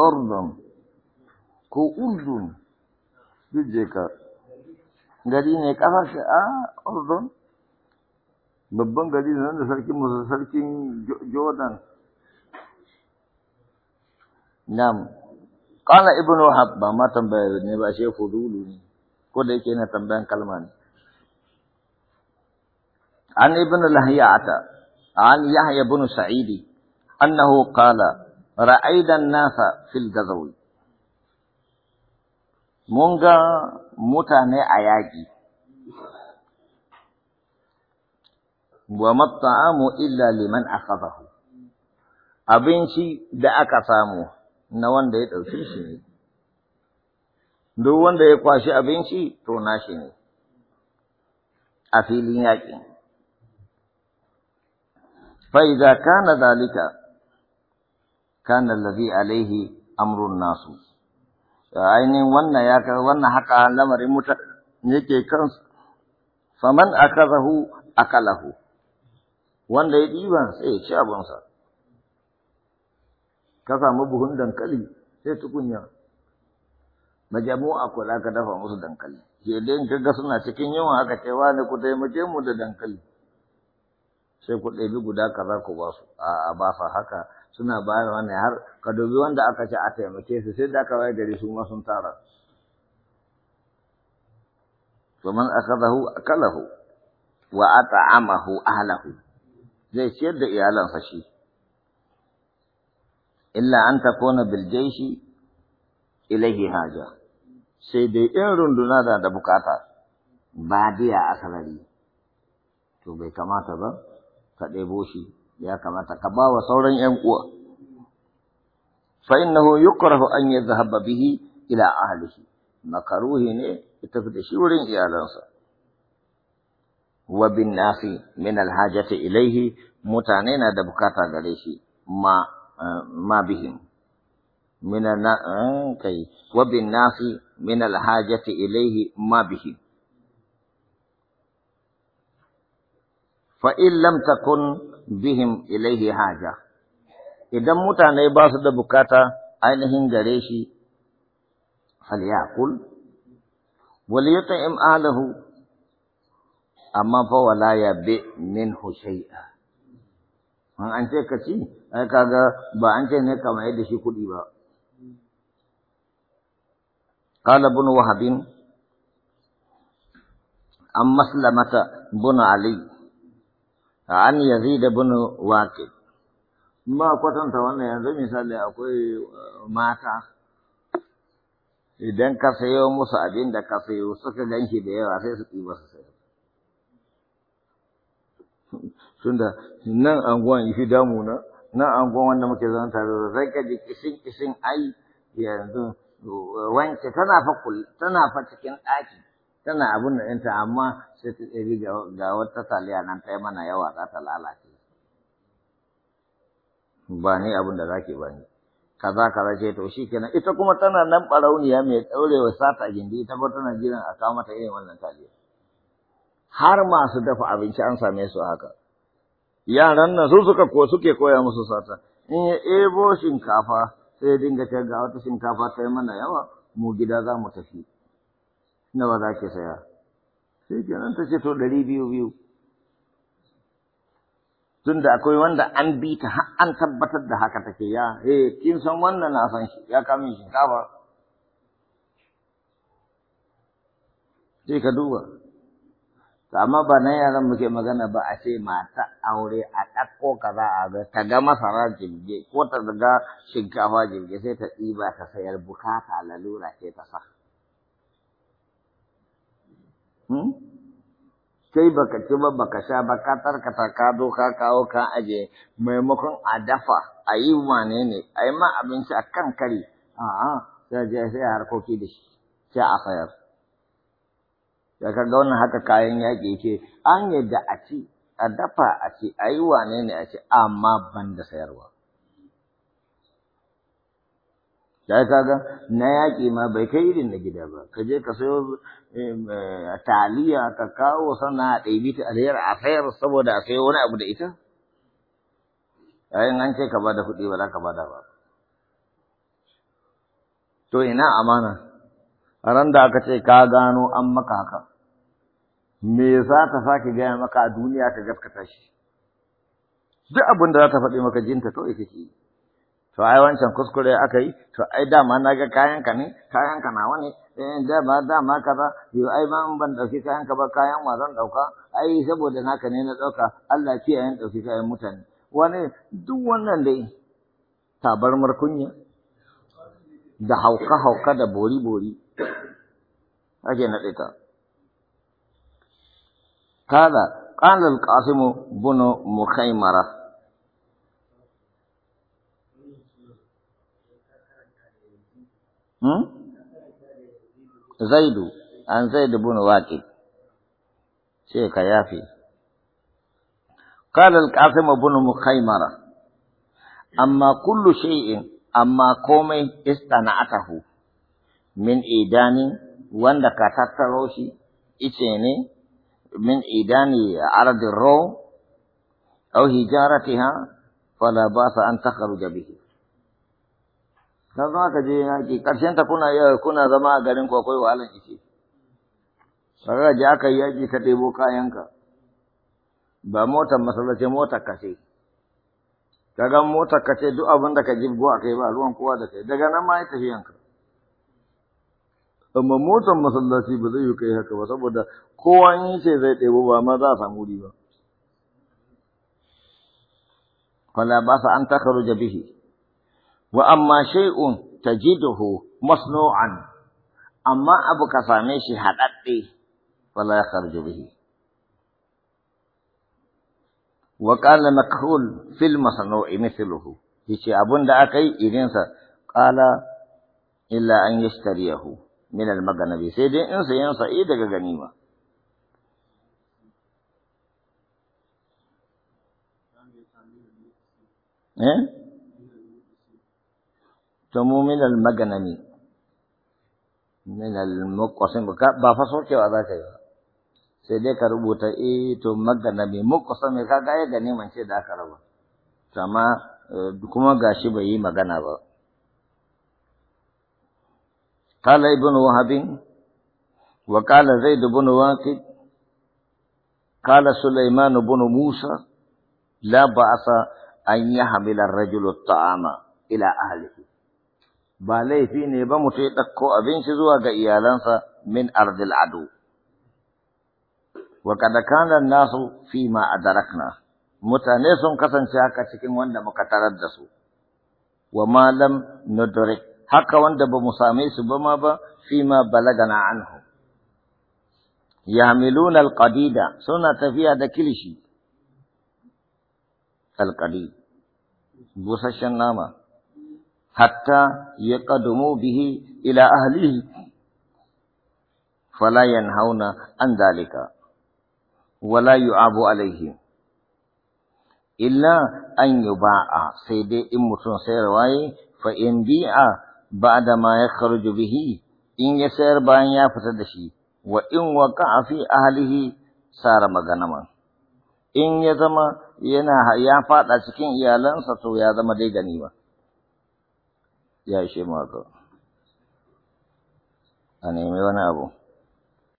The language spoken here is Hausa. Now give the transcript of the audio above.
أرضا كأرض بالذكاء قالين كفاش آ آه أرضا ببن قالين أنا سلكي مسلكي جودا نعم قال ابن حبة ما تنبأ ابن باشي فضول كل كنا تنبأ كلمان عن ابن الهيعة عن يحيى بن سعيد أنه قال ra'aidan nasa fil gazawi mun ga mutane a yaƙi wa matta'amu illa liman akhadahu abinci da aka samu na wanda ya ɗauki shi ne duk wanda ya kwashi abinci to nashi ne a filin yaƙi fa idza kana dalika. kana lafi alaihi amrun nasu ainihin wannan ya kai wannan haka lamarin mutane yake kansu faman akazahu akalahu wanda ya ɗiban sai ya ci abinsa ka samu buhun dankali sai tukunya a kula ka dafa musu dankali ke dai kaga suna cikin yawan haka cewa ne ku taimake mu da dankali sai ku ɗabi guda kaza ku ba su a ba haka suna bayar wani har ka dubi wanda aka ce a taimake su sai da aka waye gari su ma sun tara man akhadahu akalahu wa at'amahu ahlahu zai ciyar da iyalansa shi illa an takuna bil jaishi ilayhi haja sai dai in runduna da da bukata ba diya asalari to bai kamata ba ka ɗebo shi ya kamata ka ba wa sauran ‘yan uwa. فإنه يكره أن يذهب bihi ila أهله makaruhi ne da shi wurin iyalansa wa bin min alhajati ilaihi mutane na da bukata gare shi ma ma bihim min eh, kai wa bin min alhajati ilaihi ma bihim fa in lam takun bihim ilaihi haja idan mutane ba su da bukata ainihin gare shi falyakul waliyut'im ahlahu amma fa wala yabi minhu shay'a an an ce ka ci ai kaga ba an ce ne kamar yadda shi kuɗi ba قال ابن وهب عن مسلمة بن علي an yazid ibn waqid ba kwatanta wannan yanzu misali akwai eh, mata idan ka sayo musu abin da ka sayo suka ganki da yawa sai su ɗiba su sayo tunda nan anguwan fi damuna nan anguwan wanda muke zama tare da zai ka ji kishin kishin ai yanzu wanke tana fa tana fa cikin ɗaki tana abin da ɗinta amma sai ta ɗari ga wata taliya nan ta yi mana yawa za ta lalace ba ni abin da zaki ba ni kaza kaza ce to shi kenan ita kuma tana nan ɓarauniya mai ɗaurewa sata gindi ita kuma tana jiran a kawo mata irin wannan taliya har masu dafa abinci an same su haka yaran nan su suka ko suke koya musu sata in ya ebo shinkafa sai dinga ta ga wata shinkafa ta yi mana yawa mu gida za mu tafi nawa za ki saya sai kenan ta ce to ɗari biyu biyu tun da akwai wanda an bi ta an tabbatar da haka take ya eh kin san wannan na san shi ya kamin shinkafa sai ka duba amma ba na yaran muke magana ba a ce mata aure a ɗakko kaza a ga ta ga masara jirge ko ta ga shinkafa jirge sai ta ɗiba ta sayar bukata lalura ce ta sa. sai hmm? baka ci ba baka sha ba ka tarkata ka zo ka kawo ka aje maimakon a dafa a yi wane ne a yi ma abinci a kan kari a'a sai je sai harkoki da shi sai a sayar ya ka gauna haka kayan yaƙi ce an yadda a ci a dafa a ci a yi wane ne a ci amma ban da sayarwa ka kaga na yaƙi ma bai kai irin na gida ba ka je ka sayo eh, taliya ka kawo sana a ɗaibi ta aliyar a sayar saboda a sayo wani abu da ita yayin an ce ka bada kuɗi ba za ka bada ba to ina amana a ran da aka ce ka gano an maka haka me za ta sake gaya maka a duniya ka gaskata shi duk abin da za ta faɗi maka jinta kawai kake yi to ai wancan kuskure aka yi to ai dama na ga kayanka ne kayanka nawa ne eh dama dama ba? yo ai ma ban dauki kayanka ba kayan wa zan dauka ai saboda naka ne na dauka Allah ya ayin dauki kayan mutane wani duk wannan dai tabarmar kunya da hauka hauka da bori bori ake naɗe ta kada qala al-qasim bunu mukhaymara Hmm? zaidu an zaidu bin waqi sai ka yafi qala al-qasim ibn mukhaymar amma kullu shay'in amma komai istana'atahu min idani wanda ka tattaro shi ice ne min idani ardi ro aw hijaratiha fala ba sa an takhruja bihi Ka zo aka je yaƙi ƙarshen ta kuna yau kuna zama a garin ku akwai wahalan ishe kaga je aka yi yaƙi ka ɗebo kayanka ba motar masallaci motar ka ga motar ce duk abin da ka ji buwa kai ba ruwan kowa da kai daga nan ma ya tafiyanka amma motar masallaci ba zai yi kai haka ba saboda kowa in ce zai ɗebo ba ma za a samu riba. Fala ba sa an takaru bihi. wa amma shay'un tajiduhu masnu'an amma abu ka same shi hadadde wala ya kharju bihi wa qala makhul fil masnu'i mithluhu yace abun da aka yi irinsa qala illa an yashtariyahu min al maganabi sai dai in sayan sa'i eh, daga ganima eh تمو من المغنمي من المقسم بك بفصل كيو ادا كيو سيدي كربوتا اي تو مغنمي مقسم كا غاي غني من سي دا كربو سما كما غاشي بي مغنا با قال ابن وهب وقال زيد بن واقد قال سليمان بن موسى لا باس ان يحمل الرجل الطعام الى اهله ba laifi ne ba mutum ya ɗauko abinci zuwa ga iyalansa min ardil adu. Wa kada kana nasu fi ma adarakna. Mutane sun kasance haka cikin wanda muka tarar da su. Wa malam nudrik haka wanda ba mu same su ba ma ba fi ma balagana anhu. Yahmiluna alqadida suna tafiya da kilishi. Alqadid busasshen nama. hatta yaqdumu bihi ila ahlihi fala yanhauna an dhalika wala yu'abu alaihim illa an yuba'a sai dai in mutum sayarwa yi fa in bi'a ba'da ma yakhruju bihi in ya sayar bayan ya fita da shi wa in waqa'a fi ahlihi sara maganaman in ya zama ya fada cikin iyalansa to ya zama dai ganima ya ishe mu haka a nemi wani abu